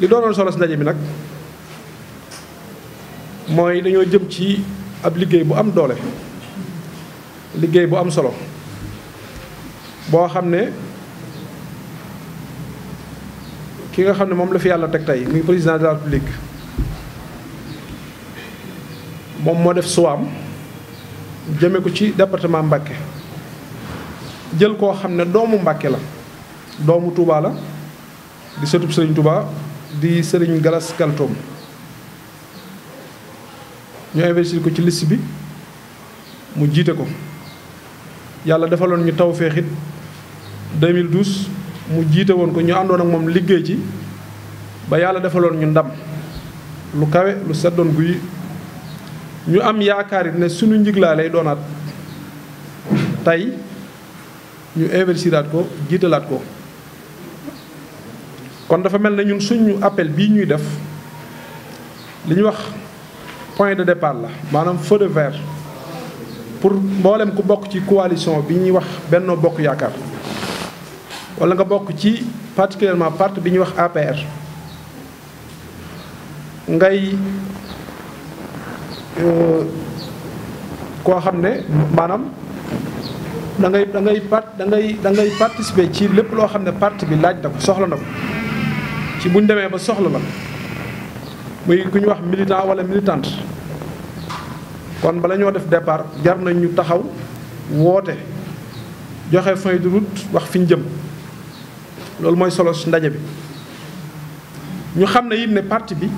li doonoon solo si ndaje bi nag mooy dañoo jëm ci ab liggéey bu am doole liggéey bu am solo boo xam ne ki nga xam ne moom la fi yàlla teg tey muy président de la république moom moo def suwaam jëme ko ci département Mbacké jël koo xam ne doomu Mbacké la doomu Touba la di sëtub Sëriñ Touba di sëriñ Galas Kaltoom ñu investir ko ci liste bi mu jiite ko yàlla defaloon ñu taw feexit 2012 mu jiite woon ko ñu àndoon ak moom liggéey ci ba yàlla defaloon ñu ndam lu kawe lu seddoon guy ñu am yaakaar it ne sunu njiglaa lay doonaat tey ñu investiraat ko jiitalaat ko kon dafa mel ne ñun suñu appel bii ñuy def li ñuy wax point de départ la maanaam feu de vert pour mboolem ku bokk ci coalition bi ñuy wax Benno Bokk Yaakaar walla nga bokk ci particulièrement parti bi ñuy wax APR ngay euh, koo xam ne maanaam dangay ngay da ngay part da ngay da ci lépp loo xam ne parti bi laaj na ko soxla na ko ci buñ demee ba soxla la muy ku ñu wax militant wala militante kon bala ñoo def départ jar nañ ñu taxaw woote joxe feuille de wax fi ñu jëm loolu mooy solo si ndaje bi ñu xam ne it ne parti bi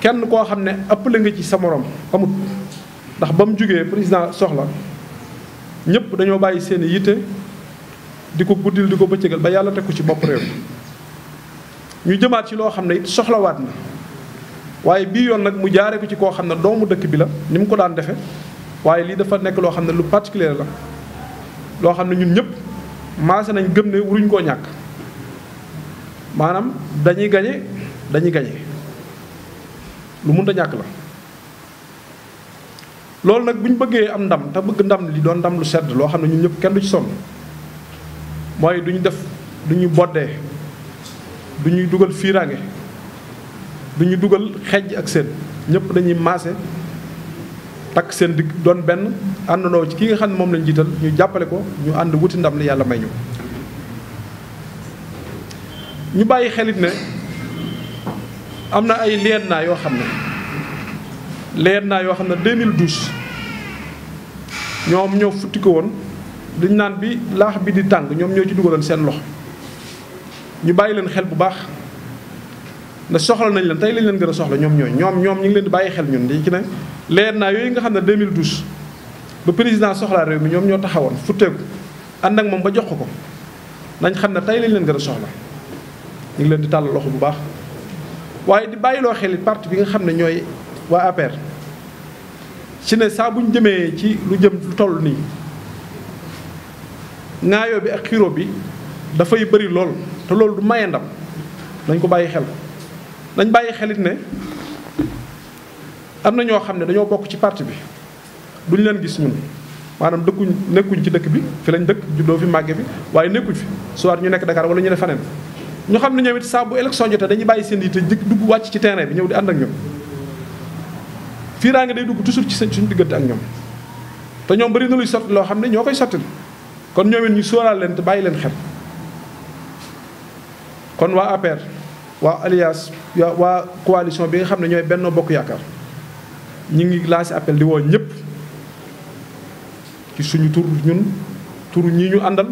kenn koo xam ne ëppale nga ci sa morom amut ndax ba mu jógee président soxla ñëpp dañoo bàyyi seen i yitte di ko guddil di ko bëccëgal ba yàlla teg ko ci bopp réew ñu jëmaat ci loo xam ne it soxlawaat na waaye bii yoon nag mu jaaree ko ci koo xam ne doomu dëkk bi la ni mu ko daan defe waaye lii dafa nekk loo xam ne lu particulier la loo xam ne ñun ñëpp maase nañ gëm ne wuruñ koo ñàkk maanaam dañuy gañe dañuy gañe lu mënta ñàkk la loolu nag bu ñu bëggee am ndam te bëgg ndam li doon ndam lu sedd loo xam ne ñun ñëpp kenn du ci sonn mooy duñu def duñu boddee du ñuy dugal fiiraange du ñu dugal xejj ak seen ñëpp dañuy maase takk seen dikk doon benn àndandoo ci ki nga xam ne moom lañ jiital ñu jàppale ko ñu ànd wuti ndam li yàlla may ñu. ñu bàyyi xelit ne am na ay leer naa yoo xam ne leer naa yoo xam ne 2012 ñoom ñoo futti ko woon dañ naan bi laax bi di tàng ñoom ñoo ci dugaloon seen loxo. ñu bàyyi leen xel bu baax na soxla nañ leen tey lañ leen gën a soxla ñoom ñooy ñoom ñoom ñu ngi leen di bàyyi xel ñun di ci ne leer naa yooyu nga xam ne 2012 ba président soxla réew mi ñoom ñoo taxawoon futteeku ànd ak moom ba jox ko ko nañ xam ne tey lañ leen gën a soxla ñu ngi leen di tàll loxo bu baax waaye di bàyyiloo xel it parti bi nga xam ne ñooy waa APR ci ne saa bu jëmee ci lu jëm toll nii ŋaayoo bi ak xiroo bi dafay bëri lool te loolu du maye ndam nañ ko bàyyi xel nañ bàyyi xelit ne am na ñoo xam ne dañoo bokk ci parti bi duñ leen gis ñun maanaam dëkkuñ nekkuñ ci dëkk bi fi lañ dëkk juddoo fi màgge bi waaye nekkuñ fi soit ñu nekk Dakar wala ñu ne faneen ñu xam ne ñoom it saa bu élection jotee dañuy bàyyi seen di te yitte dugg wàcc ci terrain bi ñëw di ànd ak ñoom fiiraa ngi day dugg toujours ci seen suñu diggante ak ñoom te ñoom bari na luy sotti loo xam ne ñoo koy sotti kon ñoom it ñu sóoraal leen bàyyi leen xel kon waa APR waa alliance waa coalition bi nga xam ne ñooy Benno Bokk Yaakaar ñu ngi lancé appel di woon ñëpp ci suñu tur ñun tur ñi ñu àndal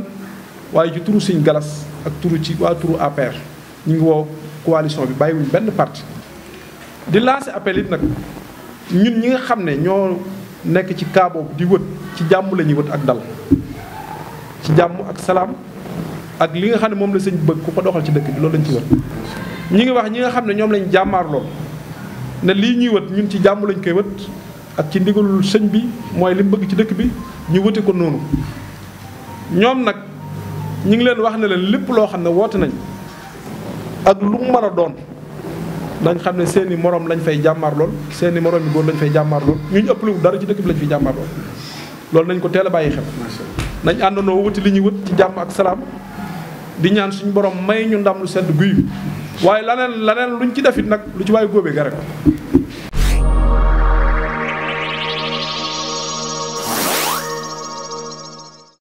waaye ci turu suñu galas ak turu ci waa turu APR ñu ngi woo coalition bi bàyyiwuñ benn parti di lancé appel it nag ñun ñi nga xam ne ñoo nekk ci cas boobu di wët ci jàmm lañuy ñuy wët ak dal ci jàmm ak salaam ak li nga xam ne moom la sëñ bëgg ku ko doxal ci dëkk bi loolu lañ ci wër ñi ngi wax ñi nga xam ne ñoom lañu jàmmaar lool ne lii ñuy wët ñun ci jàmm lañ koy wët ak ci ndigalul sëñ bi mooy li bëgg ci dëkk bi ñu wëte ko noonu ñoom nag ñi ngi leen wax ne leen lépp loo xam ne woote nañ ak lu mu a doon dañ xam ne seen i morom lañ fay jàmmaar lool seen i morom yi góor lañ fay jàmmaar lool ñu ñu ëppaliwu dara ci dëkk bi lañ fiy jàmmaar lool loolu nañ ko teel a bàyyi xel nañ àndandoo wuti li ñuy wët ci jàmm ak salaam di ñaan suñu borom may ñu ndam lu sedd guy waaye laneen laneen luñ ci defit nag lu ci waaye góobee gare